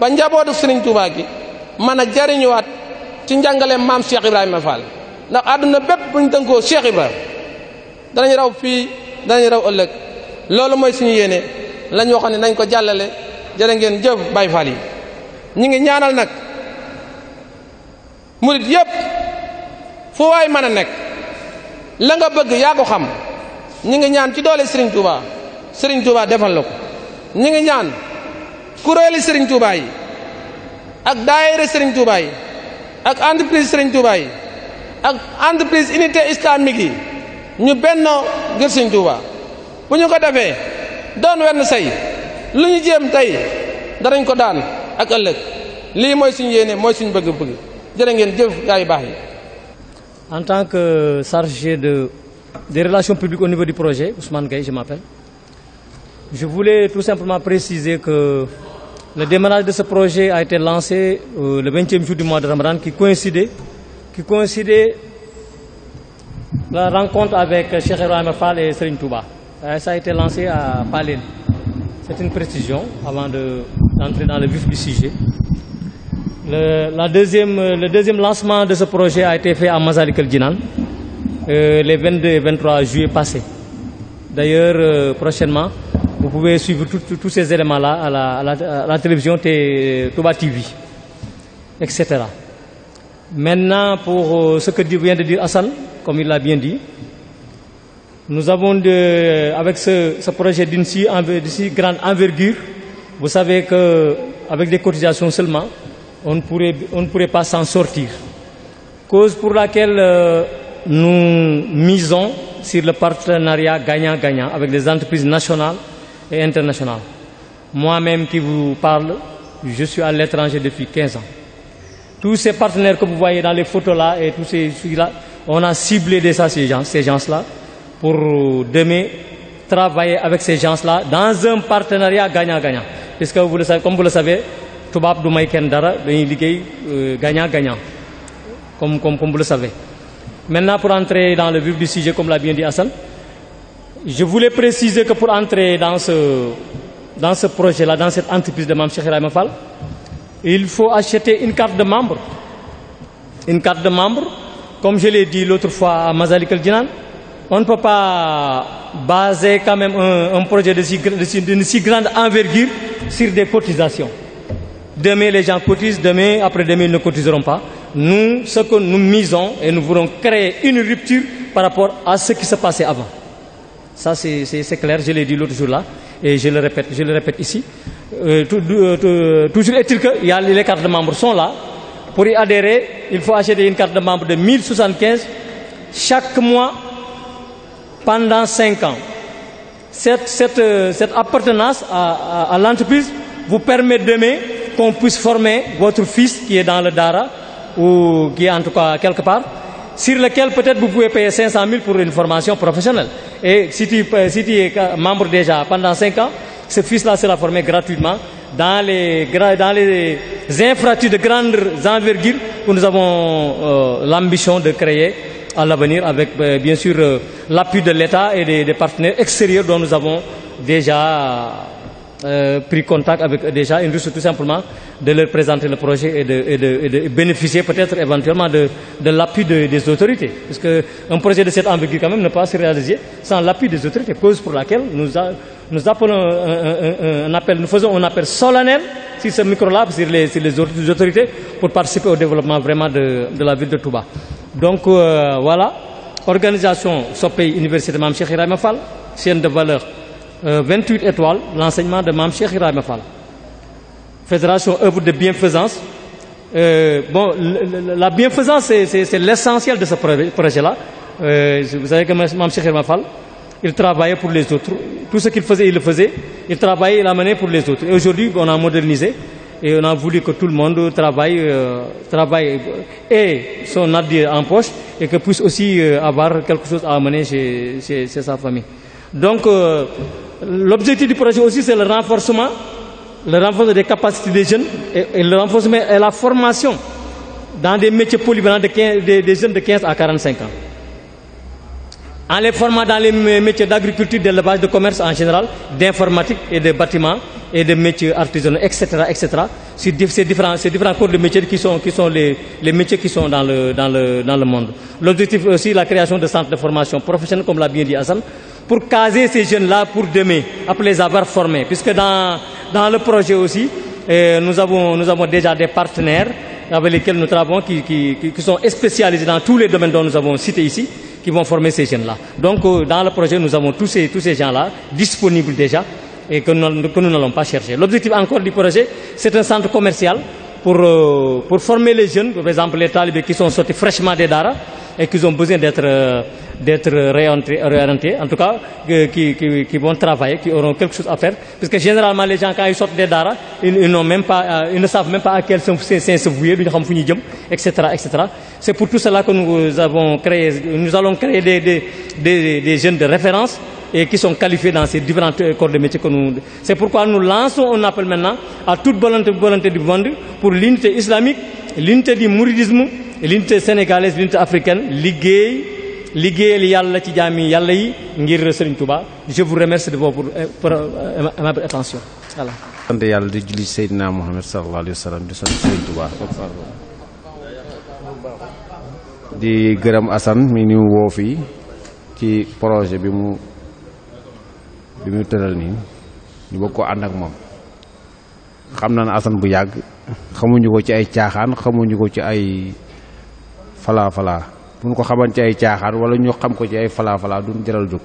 ba njabootu Serigne Touba gi mën a jariñuwaat ci njàngaleem maam Cheikh Ibrahima Fall ndax àdduna bépp bu ñu tënkoo Cheikh Ibrahima danañ raw fii danañ raw ëllëg loolu mooy suñu yéene lañ waxoon ne nañ ko jàllale jërë ngeen jëf Baye Fall yi ñu ngi ñaanal nag murit yépp fu waay mën a nekk la nga bëgg yaa xam ñi ngi ñaan ci doole Serigne Touba Serigne Touba defal la ko ñi ngi ñaan kuréeli Serigne Touba yi ak daayira Serigne Touba yi ak entreprise Serigne Touba yi ak entreprise unité islamique yi ñu bennoo ngir Serigne Touba bu ñu ko defee doon wenn sey lu ñu jéem tey danañ ko daan ak ëllëg lii mooy suñu yéene mooy suñu bëgg-bëgg jërë ngeen jëf gaa yu baax yi en tant que chargé de des relations publiques au niveau du projet, Ousmane Gaye, je m'appelle. Je voulais tout simplement préciser que le démarrage de ce projet a été lancé euh, le 20 jour du mois de Ramadan qui coïncidait, qui coïncidait la rencontre avec Cheikh Ibrahim Fall et Serine Touba. Euh, été lancé à Palin. C'est une précision avant d'entrer de, dans le vif du sujet. Le, deuxième, lancement de ce projet a été fait à Mazalik El Euh, les 22 et 23 juillet passés. D'ailleurs, euh, prochainement, vous pouvez suivre tous ces éléments-là à la, à la, à la télévision Touba TV, etc. Maintenant, pour euh, ce que vient de dire Hassan, comme il l'a bien dit, nous avons, de, avec ce, ce projet d'une si, grande envergure, vous savez qu'avec des cotisations seulement, on ne pourrait, on ne pourrait pas s'en sortir. Cause pour laquelle... Euh, nous misons sur le partenariat gagnant-gagnant avec les entreprises nationales et internationales. Moi-même qui vous parle, je suis à l'étranger depuis 15 ans. Tous ces partenaires que vous voyez dans les photos là et tous ces là on a ciblé de ça ces gens, ces gens-là pour demain travailler avec ces gens-là dans un partenariat gagnant-gagnant. Puisque vous le savez, comme vous le savez, du may kenn dara dañuy liggéey euh, gagnant-gagnant comme comme comme vous le Maintenant, pour entrer dans le vif du sujet, comme l'a bien dit Hassan, je voulais préciser que pour entrer dans ce, dans projet-là, dans cette entreprise de Mme Cheikh Fall, il faut acheter une carte de membre. Une carte de membre, comme je l'ai dit l'autre fois à Mazalik El Dinan, on ne peut pas baser quand même un, un projet de si, d'une si grande envergure sur des cotisations. Demain, les gens cotisent, demain, après-demain, ils ne cotiseront pas. nous, ce que nous misons et nous voulons créer une rupture par rapport à ce qui se passait avant. Ça, c'est clair, je l'ai dit l'autre jour là, et je le répète, ici. Euh, euh, euh, toujours est-il que y a, les cartes de membres sont là. Pour y adhérer, il faut acheter une carte de membre de 1075 chaque mois pendant 5 ans. Cette, cette, cette appartenance à, à, à l'entreprise vous permet demain qu'on puisse former votre fils qui est dans le DARA ou qui est en tout cas quelque part, sur lequel peut-être vous pouvez payer 500 000 pour une formation professionnelle. Et si tu, euh, es membre déjà pendant 5 ans, ce fils-là sera formé gratuitement dans les, dans de grandes envergure que nous avons euh, l'ambition de créer à l'avenir avec euh, bien sûr euh, l'appui de l'État et des partenaires extérieurs dont nous avons déjà euh, pris contact avec déjà une ressource tout simplement de leur présenter le projet et de, et de, et de bénéficier peut-être éventuellement de, de l'appui des autorités. Parce qu'un projet de cette envergure quand même ne pas se réaliser sans l'appui des autorités, cause pour laquelle nous, appelons un, appel, nous faisons un appel solennel sur ce micro-là, les, autorités, pour participer au développement vraiment de, la ville de Touba. Donc euh, voilà, organisation SOPEI Université 28 euh, étoiles l'enseignement de Mame Cheikh Ibrahima Fall fédération œuvre de bienfaisance euh, bon la bienfaisance c'est c'est c'est l'essentiel de ce projet là euh, vous savez que Mame Cheikh Ibrahima Fall il travaillait pour les autres tout ce qu'il faisait il le faisait il travaillait il amenait pour les autres et aujourd'hui on a modernisé et on a voulu que tout le monde travaille euh, travaille et son aide en poche et que puisse aussi euh, avoir quelque chose à amener chez sa famille donc euh, L'objectif du projet aussi, c'est le renforcement, le renforcement des capacités des jeunes et, le renforcement et la formation dans des métiers polyvalents de 15, des, des, jeunes de 15 à 45 ans. En les formant dans les métiers d'agriculture, d'élevage, de commerce en général, d'informatique et de bâtiments et de métiers artisanaux, etc., etc. Sur ces différents, ces différents cours de métiers qui sont, qui sont les, les métiers qui sont dans le, monde. L'objectif aussi, la création de centres de formation professionnelle, pour caser ces jeunes-là pour demain, après les avoir formés. Puisque dans, dans le projet aussi, eh, nous, avons, déjà des partenaires avec lesquels nous travaillons qui, qui, qui, sont spécialisés dans tous les domaines dont nous avons cité ici, qui vont former ces jeunes-là. Donc euh, dans le projet, nous avons tous ces, gens-là disponibles déjà et que nous, n'allons pas chercher. L'objectif encore du projet, c'est un centre commercial pour, euh, pour former les jeunes, par exemple les talibés qui sont sortis fraîchement des Dara et qui ont besoin d'être euh, réorientés, en tout cas euh, qui, vont travailler, qui auront quelque chose à faire. Parce que généralement les gens quand ils sortent des Dara, ils, ils n'ont même pas, euh, ils ne savent même pas à quel se vouer, etc. etc. C'est pour tout cela que nous allons créer des jeunes de référence et qui sont qualifiés dans ces différents euh, corps de métier que nous. C'est pourquoi nous lançons un appel maintenant à toute volonté, volonté du monde pour l'unité islamique, l'unité du mouridisme, l'unité sénégalaise, l'unité africaine, liggéey liggéeyal yàlla ci jaami yàlla yi ngir Serigne Touba je vous remercie de votre euh, euh, aimable attention voilà. sant yàlla di julli Seydina Mohamed sallallahu alayhi wa sallam di sant Serigne Touba. di gërëm Assane mi ñu woo fii ci projet bi mu. bi muy tëral nii ñu bëgg ko ànd ak moom xam naa ne Assane bu yàgg xamuñu ko ci ay caaxaan xamuñu ko ci ay falaa falaa buñ ko xaman ci ay caaxaan wala ñu xam ko ci ay falaa falaa duñ jaral jóg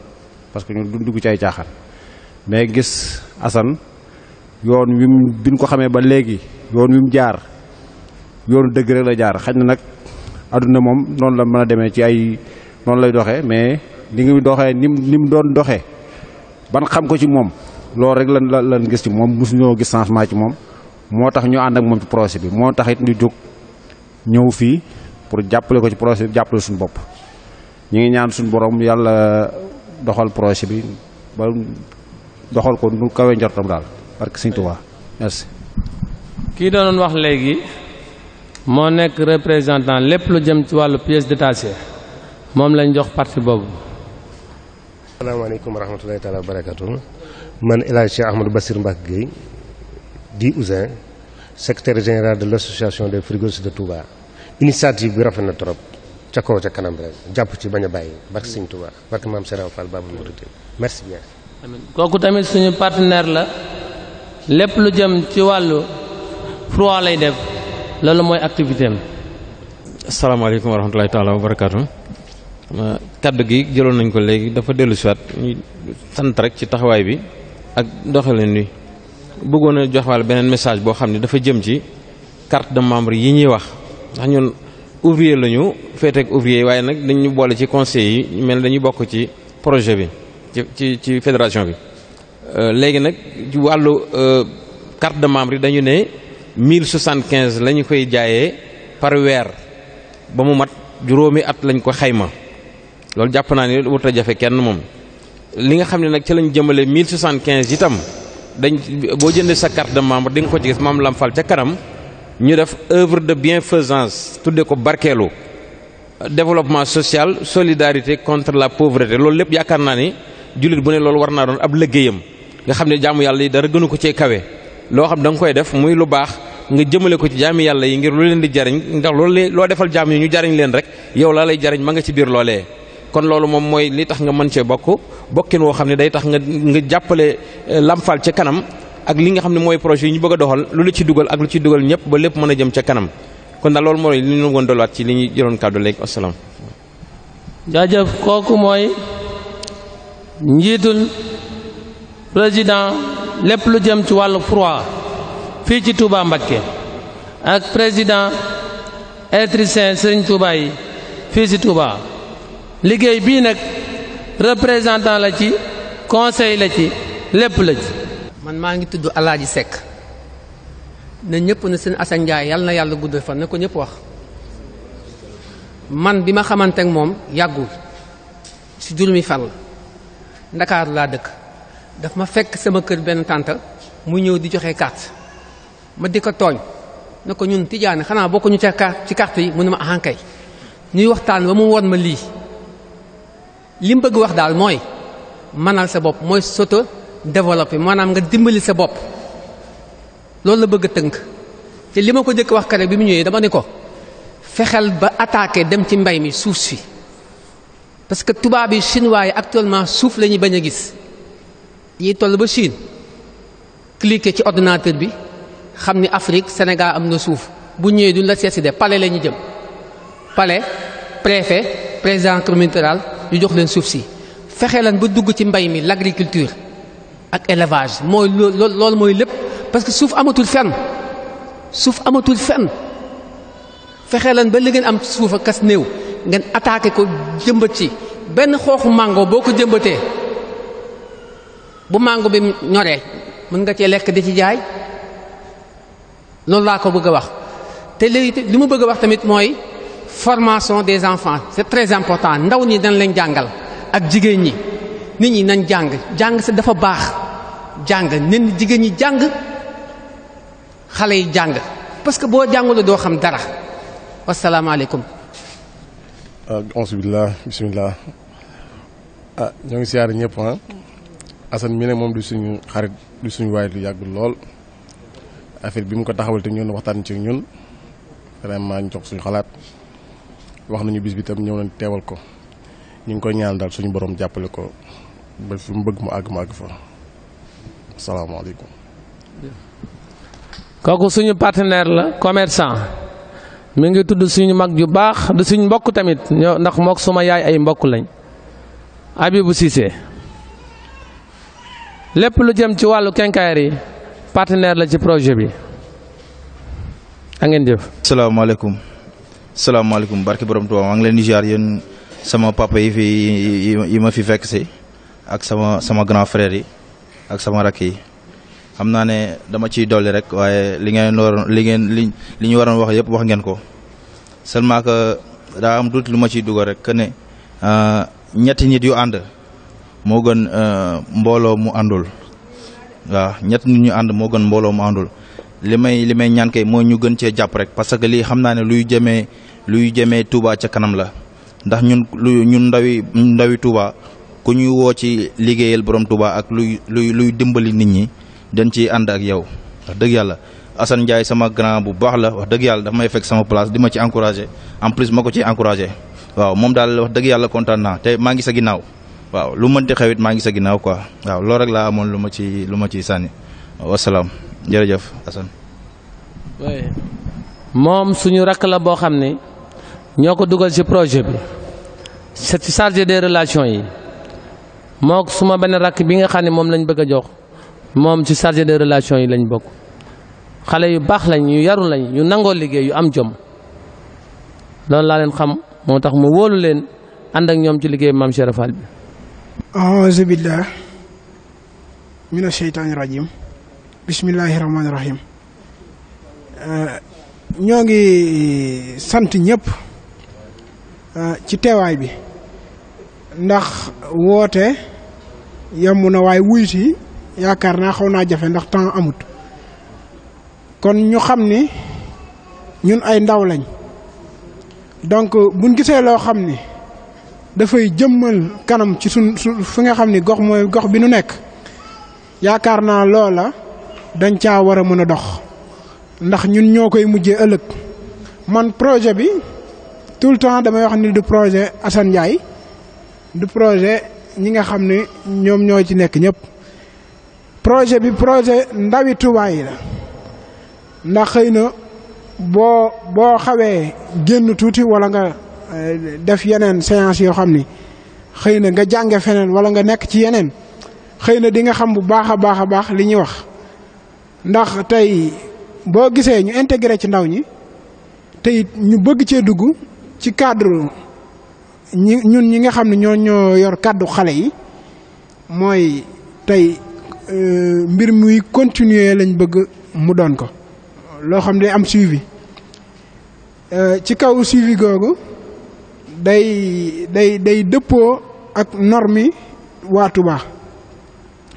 parce que ñun duñ dugg ci ay caaxaan mais gis Assane yoon wi mu biñ ko xamee ba léegi yoon wi mu jaar yoonu dëgg rek la jaar xaj na nag àdduna moom noonu la mën a demee ci ay noonu lay doxee mais li nga doxee ni mu doon doxee ban xam ko ci moom loolu rek lan lan lan gis ci moom mosuñoo gis changement ci moom moo tax ñu ànd ak moom ci projet bi moo tax it ñu jóg ñëw fii pour jàppale ko ci projet bi jàppale suñu bopp ñu ngi ñaan suñu borom yàlla doxal projet bi ba doxal ko nu kawe njortam daal barke Sëñ Tuubaa merci. kii doonoon wax léegi moo nekk représentant lépp lu jëm ci wàllu pièce détachée moom lañ jox parti boobu. asalaamaaleykum wa rahmatulahi taala wa barakatuh man El Hadj Cheikh Ahmadou Bassir di Ousin secrétaire général de l' association des frigos de Touba initiative bi rafet na trop ca kaw ca kanam rek jàpp ci bañ a bàyyi barke sëñ Touba barke maam Serigne Fall Babou Mouridine merci bien. amiin kooku tamit suñu partenaire la lépp lu jëm ci wàllu froid lay def loolu mooy activité am. asalaamaaleykum wa rahmatulahi taala kaddu gi jëloon nañ ko léegi dafa dellu siwaat ñu sant rek ci taxawaay bi ak doxalin wi bëggoon a joxwaal beneen message boo xam ne dafa jëm ci carte de membre yi ñuy wax ndax ñun ouvrier la ñu féeteeg ouvrier waaye nag dañu boole ci conseil yi mel ni dañuy bokk ci projet bi ci ci ci fédération bi euh, léegi nag ci wàllu euh, carte de membre yi dañu ne 1075 la ñu koy jaayee par weer ba mu mat juróomi at lañ ko xayma loolu jàpp naa ne wut a jafe kenn moom li nga xam ne nag ci lañ jëmale 1075 itam dañ boo jëndee sa carte de membre di nga ko ci gis maam Lamfal ca kanam ñu def œuvre de bienfaisance tuddee ko barkeelu développement social solidarité contre la pauvreté loolu lépp yaakaar naa ni jullit bu ne loolu war naa doon ab liggéeyam nga xam ne jaamu yàlla yi dara gënu ko cee kawe loo xam da nga koy def muy lu baax nga jëmale ko ci jaami yàlla yi ngir lu leen di jariñ ndax loolu loo defal jaam yi ñu jariñ leen rek yow laa jariñ ma nga ci biir loolee kon loolu moom mooy li tax nga mën cee bokk bokkin woo xam ne day tax nga nga jàppale eh, Lamfal ca kanam ak li nga xam ne mooy projet yi ñu bëgg a doxal lu la ci dugal ak lu ci dugal ñëpp ba lépp mën a jëm ca kanam kon daal loolu mooy li ñu doon dolliwaat ci li ñu jëloon kàddu léegi wasalaam. jaajëf kooku mooy njiitul président lépp lu jëm ci wàllu froid fii ci Touba Mbakke ak président électricien Serigne Touba yi fii ci Touba. liggéey bii nag représentant la ci conseil la ci lépp la ci. man maa ngi tudd Alaaji sekk ne ñëpp na seen Assane Ndiaye yàlla na yàlla guddal fan ne ko ñépp wax man bi ma xamante moom yàggul si juróomi fan la Ndakaar laa dëkk dafa ma fekk sama kër benn tànta mu ñëw di joxe carte ma di ko tooñ ne ko ñun tijaani xanaa bokkuñu ca carte ci carte yi mu ne ma ahankay ñuy waxtaan ba mu woon ma lii. li mu bëgg wax daal mooy mënal sa bopp mooy soto développé maanaam nga dimbali sa bopp loolu la bëgg tënk te li ma ko njëkk wax kare bi mu ñëwee dama ne ko fexeel ba attaqué dem ci mbay mi suuf si parce que tubaab yi chinois yi actuellement suuf la ñuy bañ a gis yi toll ba Chine cliquer ci ordinateur bi xam ni Afrique Sénégal am na suuf bu ñëwee duñ la seet si de palais la ñu jëm pale préfet président communauté ñu jox leen suuf si fexe lan ba dugg ci mbay mi l'agriculture ak élevage mooy loolu loolu mooy lépp parce que suuf amatul fen suuf amatul fenn fexe lan ba li ngeen am suuf ak kas néew ngeen attaqué ko jëmbat ci benn xooxu mango boo ko jëmbatee bu màngo bi ñoree mën nga cee lekk di ci jaay loolu laa ko bëgg a wax te léegi li mu bëgg a wax tamit mooy. formation des enfants c'est très important ndaw ñi dañ leen jàngal ak jigéen ñi nit ñi nañ jàng jàng si dafa baax jàng nen jigéen ñi jàng xale yi jàng parce que boo jàngul doo xam dara wasalaamaaleykum. alhamdulilah euh, bisimilah ah ñoo ngi siyaare ñëpp ah Assane moom du suñu xarit du suñu waay lu yàggul lool affaire bi mu ko taxawal te ñun waxtaan ci ñun vraiment ñu jox suñu xalaat. wax nañu bis bi tam ñëw nañ teewal ko ñu ngi koy ñaan daal suñu borom jàppale ko ba fi mu bëgg mu àgg mu àgg fa asalaamaaleykum. kooku suñu partenaire la commerçant mu ngi tudd suñu mag ju baax du suñu mbokk tamit ñoo ndax mook suma yaay ay mbokk lañ Habibou Cissé lépp lu jëm ci wàllu quincaillerie yi partenaire la ci projet bi a ngeen jëf. asalaamaaleykum. salaamaaleykum barki borom Tuubaa maa ngi leen di ziar yéen sama papa yi fi yi ma fi fekk si ak sama sama grand frère yi ak sama rakk xam naa ne dama ciy dolli rek waaye li ngeen li ngeen li li ñu waroon wax yëpp wax ngeen ko seulement que daa am tuuti lu ma ciy dugal rek que ne euh, ñetti nit yu ànd moo gën euh, mbooloo mu àndul waaw ñetti nit ñu ànd moo gën mbooloo mu àndul. li may li may ñaan kay mooy ñu gën cee jàpp rek parce que lii xam naa ne luy jëmee luy jëmee Touba ca kanam la ndax ñun lu ñun ndawi ndawi Touba ku ñuy woo ci liggéeyal borom Touba ak luy luy luy dimbali nit ñi den ci ànd ak yow wax dëgg yàlla. Assane njaay sama grand bu baax la wax dëgg yàlla dafa may fekk sama place di ma ci encouragé en plus ma ko ci encouragé waaw moom daal wax dëgg yàlla kontaan naa te maa ngi sa ginnaaw waaw lu mënti xewit maa ngi sa ginnaaw quoi waaw loolu rek laa amoon lu ma ci lu ma ciy sànni wasalaam. jërëjëf Assane. moom suñu rakk la boo xam ne ñoo ko dugal ci projet bi ci chargé des relations yi moo suma benn rakk bi nga xam ne moom lañ bëgg a jox moom ci chargé de relations yi lañ bokk xale yu baax lañ yu yaru lañ yu nangoo liggéey yu am jom loolu laa leen xam moo tax mu wóolu leen ànd ak ñoom ci liggéey maam Cheikh Fall bi. auzu billah bismillahi rahmaani rahim euh, ñoo ngi euh, sant ñëpp euh, ci teewaay bi ndax woote yomb na waaye wuy si yaakaar naa xaw naa jafe ndax temps amut kon ñu xam ni ñun ay ndaw lañ donc buñ gisee loo xam ni dafay jëmmal kanam ci sun su fi nga xam ni gox mooy gox bi nu nekk yaakaar naa loola dañ caa war a mën a dox ndax ñun ñoo koy mujjee ëllëg man projet bi tout le temps damay wax ni du projet Assane Ndiaye du projet ñi nga xam ne ñoom ñoo ci nekk ñëpp projet bi projet ndawi Touba yi la ndax xëy na boo boo xawee génn tuuti wala nga euh, def yeneen séance yoo xam ni xëy na nga jànge feneen wala nga nekk ci yeneen xëy na di nga xam bu baax a baax a baax li ñuy wax ndax tey boo gisee ñu intégré ci ndaw ñi tey ñu bëgg cee dugg ci cadre ñi ñun ñi nga xam ne ñoo ñoo yor kàddu xale yi mooy tey euh, mbir muy continuer lañ bëgg mu doon ko loo xam ne am suivi euh, ci kaw suivi googu day day day dëppoo ak norme yi waa Touba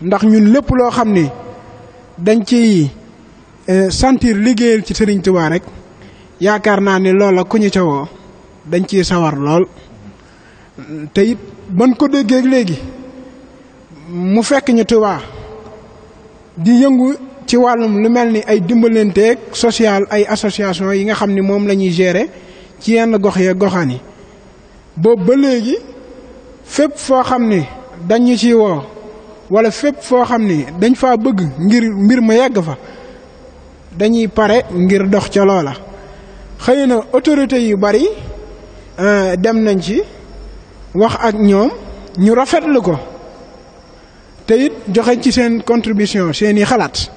ndax ñun lépp loo xam ni dañ ciy eh, sentir liggéeyal ci Sëriñ Tuubaa rek yaakaar naa ni loola ku ñu ca woo dañ ciy sawar lool tey it ban ko déggee léegi mu fekk ñu Tuubaa di yëngu ci wàllum lu mel ni ay dimbalanteeg social ay association yi nga xam ni moom lañuy ñuy ci yenn gox ya goxaan yi boobu ba léegi fépp foo xam ni dañu ciy woo wala fépp foo xam ni dañ faa bëgg ngir mbir ma yàgg fa dañuy pare ngir dox ca loola xëy na autorité yu bari euh, dem nañ ci wax ak ñoom ñu rafetlu ko te it joxe ci seen contribution seeni xalaat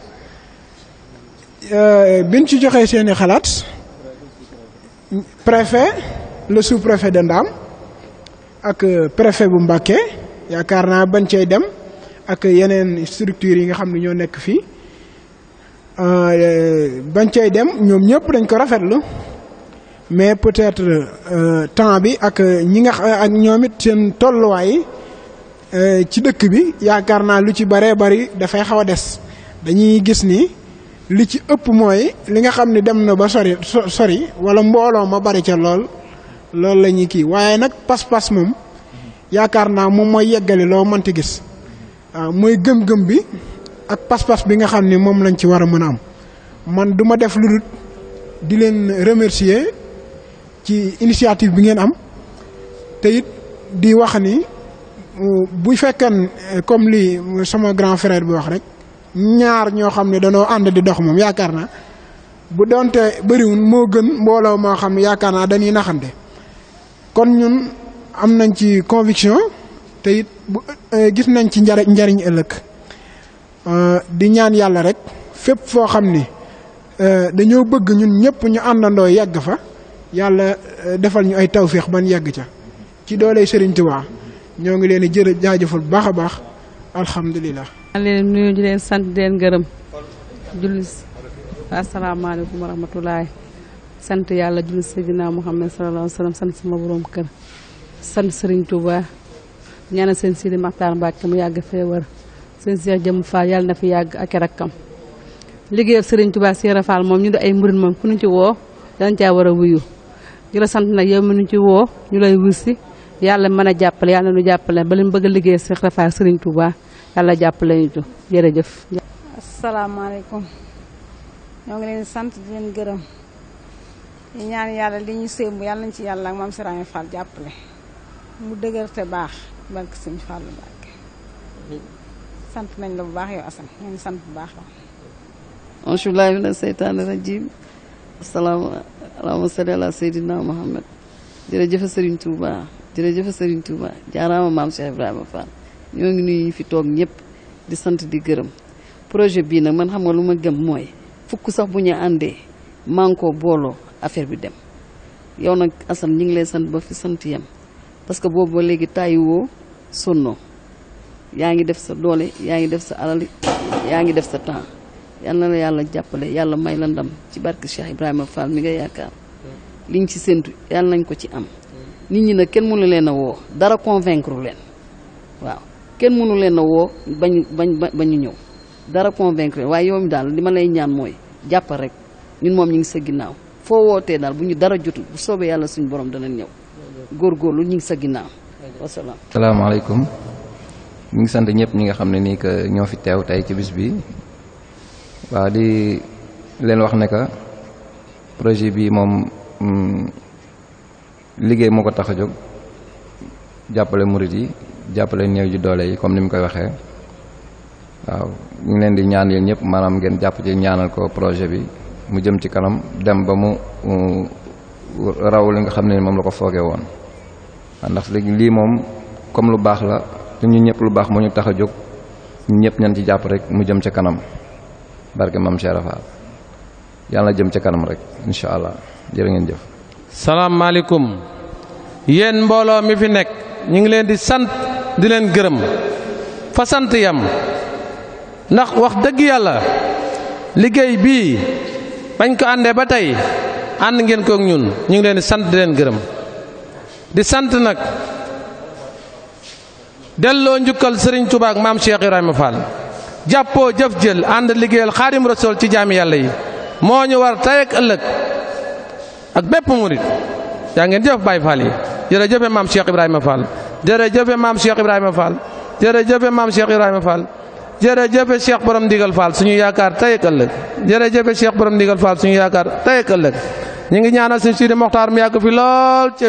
euh, biñ ci joxee seeni xalaat préfet le sous-préfet de Ndam ak euh, préfet bu Mbacké yaakaar naa bañ cay dem ak yeneen structures yi nga xam ne ñoo nekk fii euh, bañ cay dem ñoom ñëpp dañ ko rafetlu mais peut-être euh, temps bi ak ñi nga ak ñoom it seen tolluwaay euh, ci dëkk bi yaakaar naa lu ci baree bari dafay xaw a des dañuy gis ni li ci ëpp mooy li nga xam ne dem na ba sori sori wala mbooloo ma bari ca lool loolu la ñuy kii waaye nag pas-pas moom yaakaar naa moom mooy yeggale loo mënti gis. Euh, mooy gëm-gëm bi ak pas-pas bi nga xam ni moom lañ ci war a mën a am man du def lu dul di leen remercier ci initiative bi ngeen am te it di wax ni euh, bu fekkee euh, comme li sama grand frère bi wax rek ñaar ñoo xam ne danoo ànd di dox moom yaakaar naa bu doonte bëriwul moo gën mbooloo moo xam ne yaakaar naa dañuy naxante kon ñun am nañ ci conviction te bu eh, gis nañ ci njariñ njariñ ëllëg eh, di ñaan yàlla rek fépp foo xam ni eh, dañoo bëgg ñun ñëpp ñu àndandoo yegg fa yàlla defal ñu ay tawféex ban yegg ca ci doole Serigne Touba ñoo ngi leen di jërë jaajëfal bu baax a baax alhamdulilah. maa nuyu leen sant di leen gërëm. julli asalaamaaleykum wa rahmatulahi sant yàlla julli Seydina Muhammad sallallahu alayhi wa sallam sant sama borom kër sant Serigne ñaanal seen Sidi Maxtaar Mbàkke mu yàgg fee wër seen Seex Jëmm Faal yàlla na fi yàgg ak rakkam liggéeyal Sëriñ Tuubaa Seera Faal moom ñu di ay murit moom ku ñu ci woo danañ caa war a wuyu sant nag yow mi ñu ci woo ñu lay wusi yàlla man a jàppale yàlla nu jàppale ba leen bëgg a liggéey Seera Faal Sëriñ Tuubaa yàlla jàppale ñu ci jërëjëf. asalaamaaleykum ñoo ngi leen sant di leen gërëm ñu ñaan yàlla li ñu sémb yàlla nañ ci yàlla ak maam Sëriñ Faal jàppale mu dëgër baax. barke sëñ Fallou Mbacké sant nañ la bu baax yow Assane ñu sant bu baax la auzu billaahi mina seytaani rajiim assalaamu allahumma salli ala seydina Muhammad jërëjëf Serigne Touba jërëjëf Serigne Touba jaaraama maam Cheikh Ibrahima Fall ñoo ngi nuyu ñu fi toog ñëpp di sant di gërëm projet bii nag man xam nga lu ma gëm mooy fukk sax bu ñu àndee mànkoo booloo affaire bi dem yow nag Assane ñu ngi lay sant ba fi sant yem parce que boobu ba léegi tàyyiwoo sonno yaa ngi def sa doole yaa ngi def sa alali yaa ngi def sa temps yal na la yàlla jàppale yàlla may la ndam ci barke Cheikh Ibrahima Fall mi nga yaakaar liñ ci séntu yàlla nañ ko ci am nit ñi nag kenn mënu leen a woo dara convaincre leen waaw kenn mënu leen a woo bañ bañ ba ñu ñëw dara convaincre waaye yow mi daal li ma lay ñaan mooy jàppal rek ñun moom ñu ngi sa ginnaaw foo wootee daal bu ñu dara jotul bu soobee yàlla suñu borom danañ ñëw góorgóorlu ñu ngi sa ginnaaw wasalaam. salaamaaleykum ñu ngi sant ñëpp ñi nga xam ne nii que ñoo fi teew tey ci bis bi waaw di leen wax ne que projet bi moom mm, liggéey moo ko tax a jóg jàppale murit yi jàppale néew ji doole yi comme ni mu koy waxee waaw ñu ngi leen di ñaan yoon ñëpp maanaam ngeen jàpp ci ñaanal ko projet bi mu jëm ci kanam dem ba mu mm, raw li nga xam ne moom la ko foogee woon ndax léegi lii moom comme lu baax la te ñun ñëpp lu baax moo ñu tax a jóg ñun ñëpp ñan ci jàpp rek mu jëm ca kanam barke maam Cheikh Rafal yàlla jëm ca kanam rek incha allah jërë ngeen jëf. salaamaaleykum yéen mbooloo mi fi nekk ñu ngi leen di sant di leen gërëm fa sant yam ndax wax dëgg yàlla liggéey bii bañ ko àndee ba tey ànd ngeen kook ñun ñu ngi leen di sant di leen gërëm. di sant nag delloo njukkal sëriñ tubaak ak maam Cheikh Ibrahima Fall jàppoo jëf jël ànd liggéeyal xaadim rasool ci jaami yàlla yi moo ñu war tey ak ëllëg ak bépp murit yaa ngeen jëf Baay Fall yi jërëjëfe maam Cheikh Ibrahima mam jërëjëfe maam Cheikh Ibrahima Fall jërëjëfe maam Cheikh Ibrahima Fall jërëjëfe Cheikh borom ndigal Fall suñu yaakaar tey ak ëllëg jërëjëfe Cheikh borom ndigal Fall suñu yaakaar tey ëllëg ñu ngi ñaanal suñu Sidi Moxtaar fi lool ci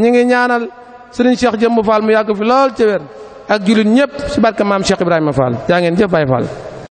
ñi ngi ñaanal sëriñ Cheikh Jëmb Fall mu yàgg fi lool ci wér ak jullit ñëpp si barke maam Cheikh Ibrahima Fall yaa ngeen jëf Baye